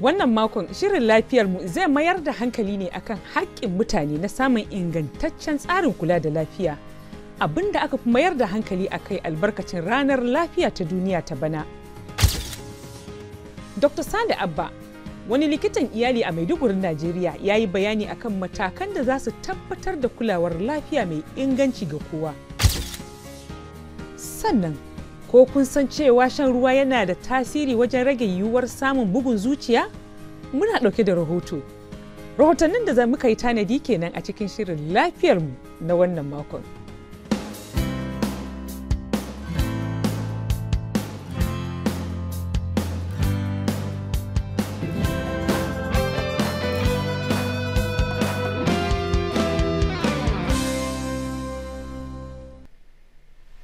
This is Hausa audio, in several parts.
Wannan makon shirin lafiyar mu zai mayar da hankali ne akan haƙƙin mutane na samun ingantaccen tsarin kula da lafiya. Abin aka fi mayar da hankali a kai albarkacin ranar lafiya ta duniya ta bana. Dr. Sani Abba, wani likitan iyali a Maiduguri, Najeriya ya yi bayani akan matakan da za su tabbatar da kulawar lafiya mai inganci ga kowa. Sannan ko kun san cewa shan ruwa yana da tasiri wajen rage yiwuwar samun bugun zuciya muna ɗauke da rahoto rahotannin da za muka yi tanadi kenan a cikin shirin lafiyarmu na wannan makon.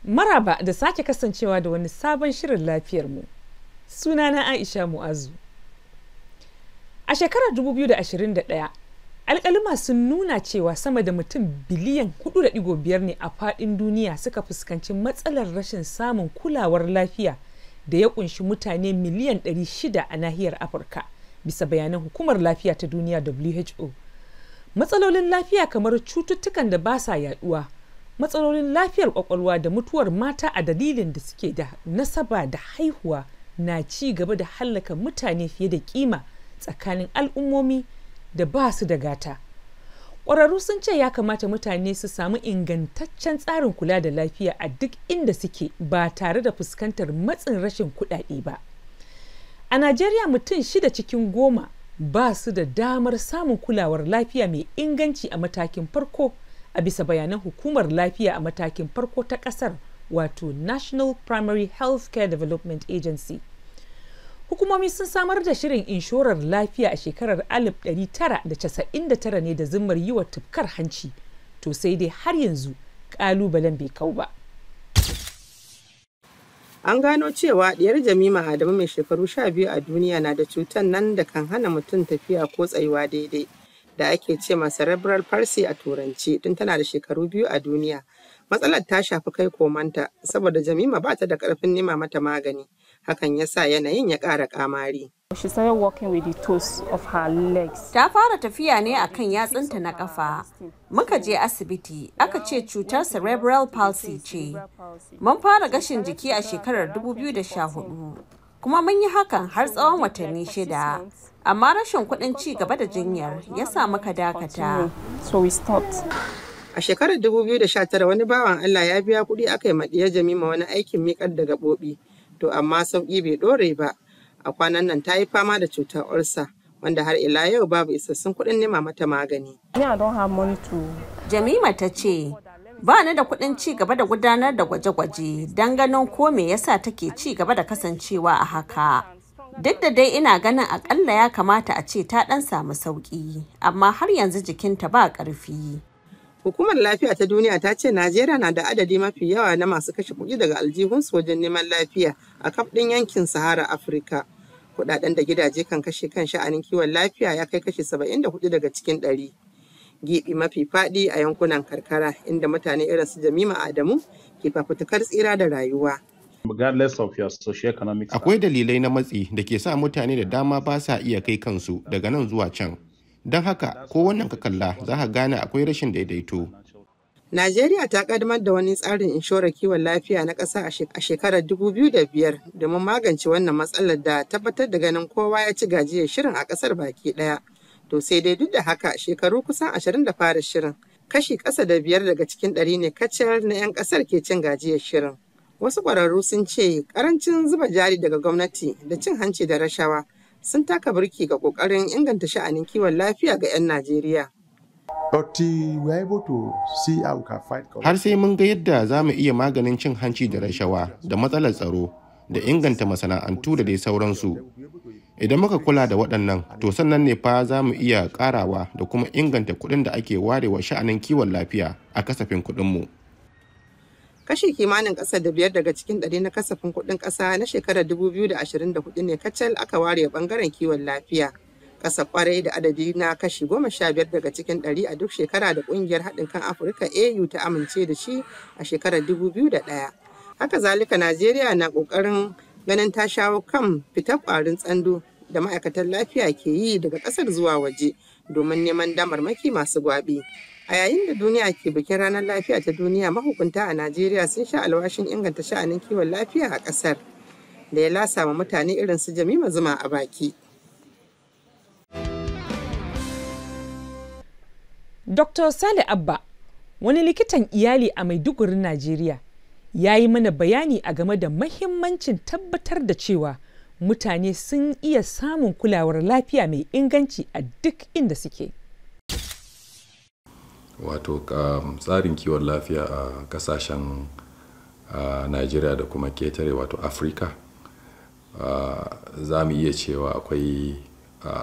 Maraba da sake kasancewa da wani sabon shirin lafiyar mu. Sunana Aisha Mu'azu. A shekarar 2021, alkalima sun nuna cewa sama da mutum biliyan 4.5 ne a faɗin duniya suka fuskanci matsalar rashin samun kulawar lafiya da ya kunshi mutane miliyan 600 a nahiyar Afirka, bisa bayanan hukumar lafiya ta duniya WHO. Matsalolin lafiya kamar cututtukan da ba sa yaduwa. matsalolin lafiyar kwakwalwa da mutuwar mata a dalilin da suke da nasaba da haihuwa na ci gaba da hallaka mutane fiye da kima tsakanin al'ummomi da ba su da gata ƙwararru sun ce ya kamata mutane su samu ingantaccen tsarin kula da lafiya a duk inda suke ba tare da fuskantar matsin rashin kuɗaɗe ba a najeriya mutum shida cikin goma ba su da damar samun kulawar lafiya mai inganci a matakin farko a bisa bayanan hukumar lafiya a matakin farko ta kasar wato national primary health care development agency hukumomi sun samar da shirin inshorar lafiya a shekarar 1999 ne da zimmar yi wa tufkar hanci to sai dai har yanzu kalubalen bai kau ba an gano cewa ɗiyar jamima adamu mai shekaru 12 a duniya na da cutar nan da kan hana mutum tafiya ko tsayuwa daidai da ake ce ma cerebral palsy a turanci tun tana da shekaru biyu a duniya. Matsalar ta shafi kai komanta saboda Jamima ba ta da karfin nema mata magani. Hakan ya sa yanayin ya ƙara kamari walking with Ta fara tafiya ne a kan yatsunta na ƙafa. Muka je asibiti, aka ce cutar cerebral palsy ce. Mun fara gashin jiki a shekarar 2014. kuma mun yi hakan har tsawon watanni shida amma rashin kuɗin ci gaba da jinyar ya sa muka dakata a shekarar 2019 wani bawan Allah ya biya kuɗi aka yi maɗiyar jamima wani aikin miƙar da gaɓoɓi to amma sauƙi bai ɗore ba a kwanan nan ta yi fama da cutar ulsa wanda har ila yau babu isassun kuɗin nema mata magani jamima ta ce ba ni da kudin ci gaba da gudanar da gwaje-gwaje don ganin ko me yasa take ci gaba da kasancewa a haka duk da dai ina ganin akalla ya kamata a ce ta dan samu sauki amma har yanzu jikinta ba karfi. hukumar lafiya ta duniya ta ce najeriya na da adadi mafi yawa na masu kashe kuɗi daga aljihunsu wajen neman lafiya a kafɗin yankin sahara afirka kuɗaɗen da gidaje kan kashe kan sha'anin kiwon lafiya ya kai kashe saba'in da 74 daga cikin ɗari. gibi mafi faɗi a yankunan karkara inda mutane irin su Jamima Adamu ke fafutukar tsira da rayuwa. Akwai dalilai na matsi da ke sa mutane da dama ba sa iya kai kansu daga nan zuwa can. Don haka ko wannan ka kalla za ka gane akwai rashin daidaito. Najeriya ta kaddamar da wani tsarin inshorar kiwon lafiya na ƙasa a shekarar 2005 domin magance wannan matsalar da tabbatar da ganin kowa ya ci gajiyar shirin a ƙasar baki ɗaya. To sai dai duk da haka shekaru kusan ashirin da fara shirin, kashi ƙasa da biyar daga cikin ɗari ne kacal na 'yan ƙasar ke cin gajiyar shirin. Wasu ƙwararru sun ce karancin zuba jari daga gwamnati da cin hanci da rashawa sun taka birki ga ƙoƙarin inganta sha'anin kiwon lafiya ga 'yan Najeriya. Eh, Har sai mun ga yadda za mu iya maganin cin hanci da rashawa da matsalar tsaro da inganta masana'antu da dai sauransu. Idan muka kula da waɗannan, to sannan ne fa za mu iya ƙarawa da kuma inganta kuɗin da ake warewa sha'anin kiwon lafiya a kasafin kuɗinmu. Kashi kimanin ƙasa da biyar daga cikin ɗari na kasafin kuɗin ƙasa na shekarar 2024 ne kacal aka ware ɓangaren kiwon lafiya. Ƙasa ƙwarai da adadi na kashi goma sha biyar daga cikin ɗari a duk shekara da ƙungiyar haɗin kan Afirka AU ta amince da shi a shekarar ɗaya Haka zalika Najeriya na ƙoƙarin ganin ta shawo kan fitar ƙwarin tsando da ma'aikatan lafiya ke yi daga ƙasar zuwa waje domin neman damarmaki masu gwabi. A yayin da duniya ke bikin ranar lafiya ta duniya mahukunta a Najeriya sun sha alwashin inganta sha'anin kiwon lafiya a ƙasar da ya lasa ma mutane irin su Jamima Zuma a baki. Dr. Sale Abba, wani likitan iyali a Maiduguri, Najeriya, ya yi mana bayani a game da mahimmancin tabbatar da cewa mutane sun iya samun kulawar lafiya mai inganci a duk inda suke. wato um, tsarin kiwon lafiya a kasashen nigeria da kuma ketare wato afirka za mu iya cewa akwai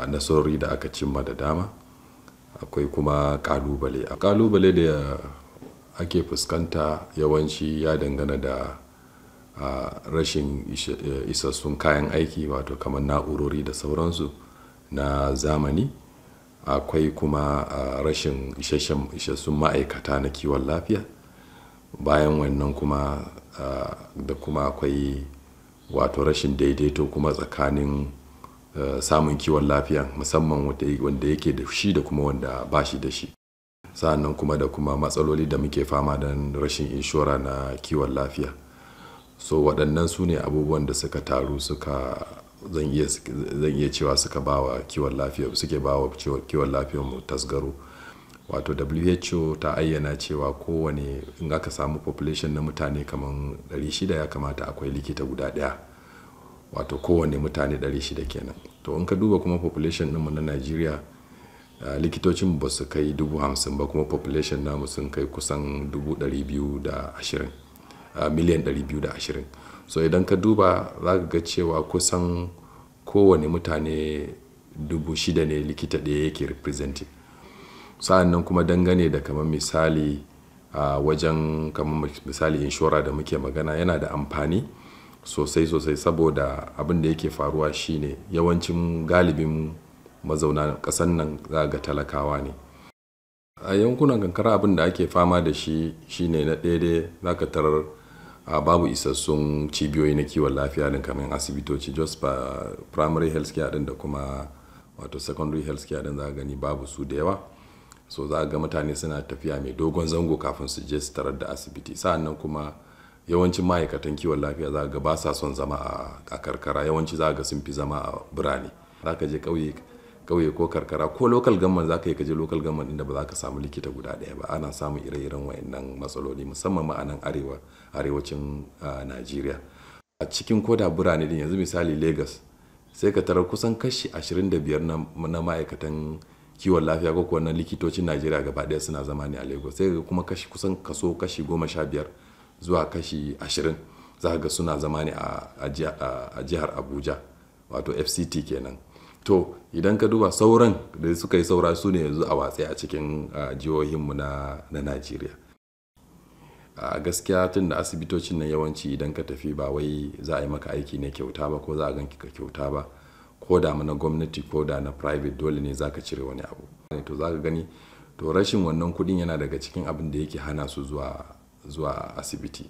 nasarori da aka cimma da dama akwai kuma kalubale kalubale da ake fuskanta yawanci ya dangana da rashin e, isassun kayan aiki wato kamar na'urori da sauransu na zamani akwai kuma rashin isassun ma'aikata na kiwon lafiya bayan wannan kuma da kuma akwai wato rashin daidaito kuma tsakanin e, samun kiwon lafiya musamman wanda yake da shi da kuma wanda ba shi da shi sa'annan kuma da kuma matsaloli da muke fama da rashin inshora na kiwon lafiya so waɗannan su ne abubuwan da suka taru suka zan iya cewa suka ba wa kiwon lafiya suke ba wa kiwon lafiyar mu tasgaro wato who ta ayyana cewa kowane in aka samu population na mutane kamar 600 ya kamata akwai likita guda ɗaya wato kowane mutane 600 kenan to in ka duba kuma population ɗinmu na nigeria Eh, likitocin ba su kai dubu hamsin ba kuma population namu sun kai kusan dubu ɗari biyu da ashirin eh, miliyan ɗari biyu da ashirin so idan ka duba za ka ga cewa kusan kowane mutane dubu shida ne likita ɗaya yake representing nan kuma dangane da kamar misali a eh, wajen kamar misali inshora da muke magana yana da amfani sosai sosai saboda abin da yake faruwa shine yawancin galibin mazauna ƙasan nan za ga talakawa ne a yankunan kankara abin da ake fama da shi shine na daidai za ka tarar a babu isassun cibiyoyi na kiwon lafiya din kamar asibitoci just ba primary health care din da kuma wato secondary health care din za ka gani babu su da yawa so za ga mutane suna tafiya mai dogon zango kafin su je su tarar da asibiti sa'annan kuma yawancin ma'aikatan kiwon lafiya za ga ba sa son zama a karkara yawanci za ga sun fi zama a birane za ka je ƙauye kauye ko karkara ko lokal gamman za ka yi kaje lokal gamman inda ba za ka samu likita guda daya ba ana samun ire-iren wayannan matsaloli musamman ma a nan arewa arewacin najeriya a cikin koda birane din yanzu misali lagos sai ka tarar kusan kashi 25 na ma'aikatan kiwon lafiya ko wannan likitocin najeriya gaba daya suna zama ne a lagos sai ga kuma kashi kusan kaso kashi 15 zuwa kashi 20 za ga suna zama ne a jihar abuja wato fct kenan to idan ka duba sauran da suka yi saura su ne yanzu a watsi a cikin jihohinmu na najeriya a gaskiya tun da asibitocin nan yawanci idan ka tafi ba wai za a yi maka aiki ne kyauta ba ko za a ganki ka kyauta ba ko da na gwamnati ko da na private dole ne za ka cire wani abu to za ka gani to rashin wannan kudin yana daga cikin abin da yake hana su zuwa zuwa asibiti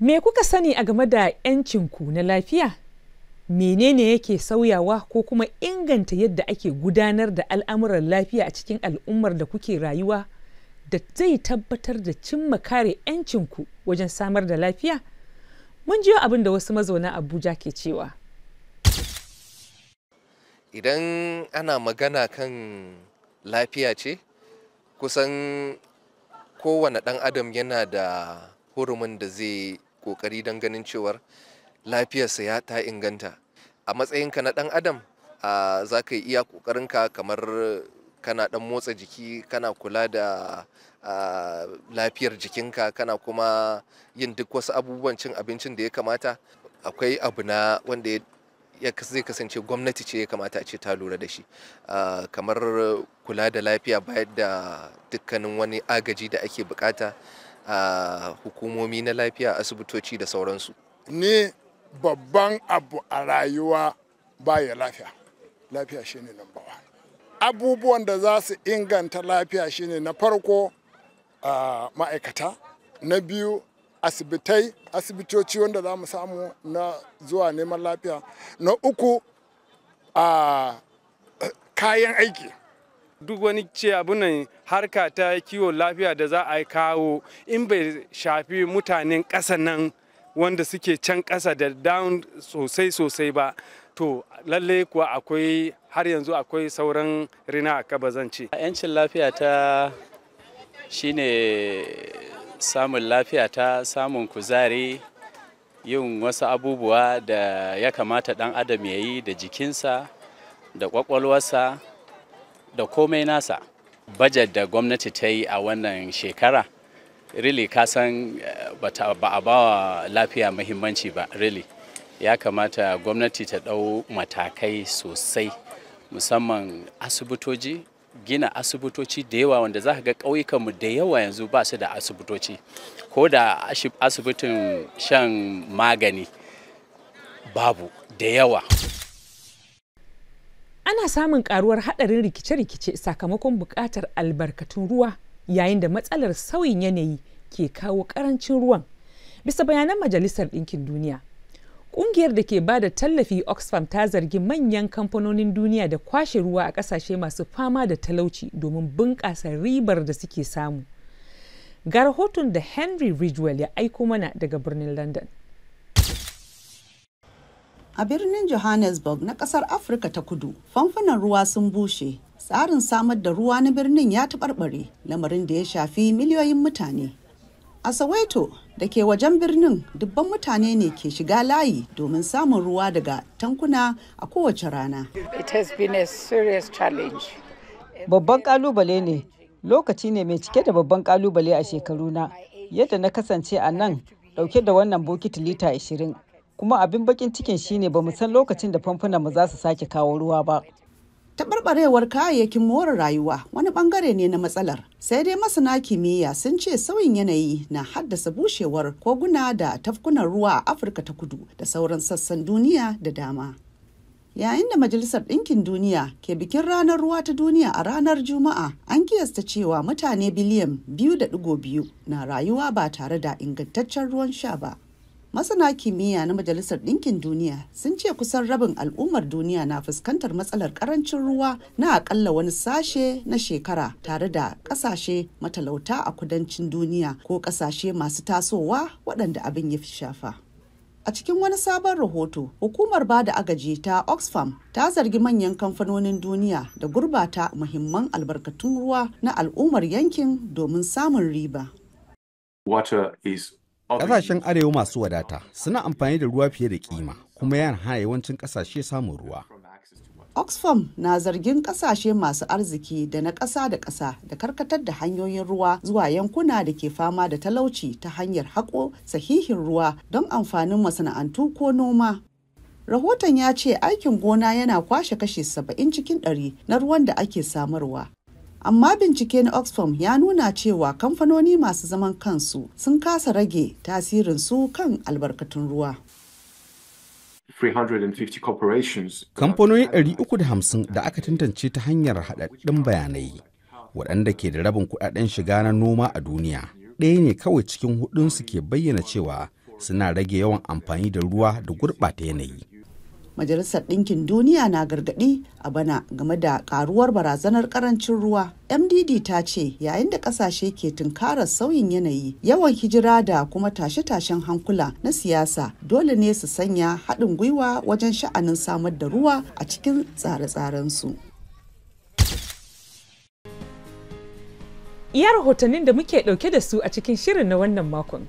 me kuka sani a game da 'yancinku na lafiya menene yake sauyawa ko kuma inganta yadda ake gudanar da al'amuran lafiya a cikin al'ummar da kuke rayuwa da zai tabbatar da cimma kare 'yancinku wajen samar da lafiya? Mun jiyo abin da wasu mazauna Abuja ke cewa. Idan ana magana kan lafiya ce, kusan kowane ɗan adam yana da hurumin da zai ƙoƙari don ganin cewar lafiyarsa ya ta inganta a matsayinka na ɗan adam za ka yi iya ƙoƙarinka kamar kana ɗan motsa jiki kana kula da lafiyar jikinka kana kuma yin duk wasu abubuwan cin abincin da ya kamata akwai abu na wanda ya zai kasance gwamnati ce ya kamata a ce ta lura da shi kamar kula da lafiya bayan da dukkanin wani agaji da ake bukata a hukumomi na lafiya asibitoci da sauransu ne babban abu a rayuwa baya lafiya lafiya shine nambawa. abubuwan da za su inganta lafiya shine na farko ma'aikata na biyu asibitai asibitoci wanda za mu samu na zuwa neman lafiya na uku a kayan aiki duk wani ce abunan harka ta kiwon lafiya da za a kawo in bai shafi mutanen ƙasa nan wanda suke can ƙasa da down sosai-sosai ba to lalle kuwa akwai har yanzu akwai sauran rina a kaba zance. yancin lafiya ta shine samun lafiya ta samun kuzari yin wasu abubuwa da ya kamata dan adam ya yi da jikinsa da kwakwalwarsa da komai nasa bajet da gwamnati ta yi a wannan shekara really ka san eh, ba a bawa lafiya muhimmanci ba really ya kamata gwamnati ta ɗau matakai sosai musamman asibitoci gina asibitoci da yawa wanda za ka ga ƙauyukanmu da yawa yanzu ba su da asibitoci ko da asibitin shan magani babu da yawa ana samun karuwar hadarin rikice-rikice sakamakon bukatar albarkatun ruwa yayin da matsalar sauyin yanayi ke kawo karancin ruwan bisa bayanan majalisar ɗinkin duniya ƙungiyar da ke ba da tallafi oxfam ta zargi manyan kamfanonin duniya da kwashe ruwa a ƙasashe masu fama da talauci domin bunƙasa ribar da suke samu ga rahoton da henry ridgewell ya aiko mana daga birnin london a birnin johannesburg na kasar afirka ta kudu famfunan ruwa sun bushe tsarin samar da ruwa na birnin ya taɓarɓare lamarin da ya shafi miliyoyin mutane a soweto da ke wajen birnin dubban mutane ne ke shiga layi domin samun ruwa daga tankuna a kowace rana babban kalubale ne lokaci ne mai cike da babban kalubale a shekaru na yadda na kasance a nan dauke da wannan bokiti lita 20 kuma abin bakin cikin shine ba san lokacin da famfunan mu za su sake kawo ruwa ba Taɓarɓarewar kayayyakin more rayuwa wani bangare ne na matsalar. Sai dai masana kimiyya sun ce sauyin yanayi na haddasa bushewar koguna da tafkunan ruwa a Afirka ta kudu da sauran sassan duniya da dama. Yayin da Majalisar Ɗinkin Duniya ke bikin ranar ruwa ta duniya a ranar Juma'a, an kiyasta cewa mutane biliyan biyu da digo biyu na rayuwa ba tare da ingantaccen ruwan sha ba. masana kimiyya na majalisar ɗinkin duniya sun ce kusan rabin al'ummar duniya na fuskantar matsalar ƙarancin ruwa na aƙalla wani sashe na shekara tare da ƙasashe matalauta a kudancin duniya ko ƙasashe masu tasowa waɗanda abin ya fi shafa A cikin wani sabon rahoto, hukumar ba da agaji ta Oxfam ta zargi manyan kamfanonin duniya da gurbata muhimman albarkatun ruwa na al'ummar yankin domin samun riba. Water is Ƙasashen arewa masu wadata suna amfani da ruwa fiye da kima kuma yana hana yawancin ƙasashe samun ruwa. Oxfam na zargin ƙasashe masu arziki da na ƙasa da ƙasa da karkatar da hanyoyin ruwa zuwa yankuna da ke fama da talauci ta hanyar haƙo sahihin ruwa don amfanin masana'antu ko noma. Rahoton ya ce aikin gona yana kwashe kashi 70 cikin 100 na ruwan da ake samarwa. amma bincike na oxfam ya nuna cewa kamfanoni masu zaman kansu sun kasa rage tasirinsu kan albarkatun ruwa kamfanoni 350 da aka tantance ta hanyar haɗaɗɗun bayanai waɗanda ke da rabin kuɗaɗen shiga na noma a duniya ɗaya ne kawai cikin hudunsu ke bayyana cewa suna rage yawan amfani da ruwa da gurɓata yanayi Majalisar Ɗinkin Duniya na gargaɗi a bana game da ƙaruwar barazanar ƙarancin ruwa. MDD ta ce yayin da ƙasashe ke tunkarar sauyin yanayi, yawan hijira da kuma tashe-tashen hankula na siyasa dole ne su sanya haɗin gwiwa wajen sha'anin samar da ruwa a cikin tsare-tsarensu. Iya rahotannin da muke ɗauke da su a cikin shirin na wannan makon.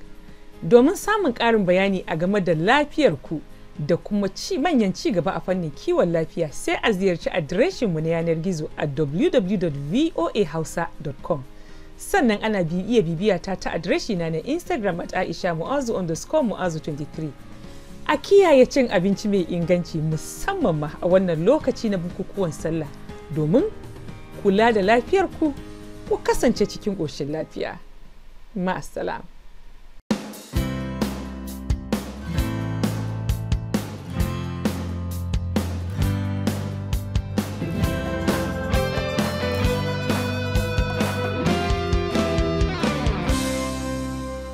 Domin samun ƙarin bayani a game da lafiyar ku da kuma ci manyan ci gaba a fannin kiwon lafiya sai a ziyarci mu na yanar gizo a www.voahausa.com sannan ana iya bibiya ta ta adireshi na na instagram at aisha mu'azu underscore mu'azu 23 a kiyaye cin abinci mai inganci musamman ma a wannan lokaci na bukukuwan sallah domin kula da lafiyarku ku kasance cikin ƙoshin lafiya ma'asalam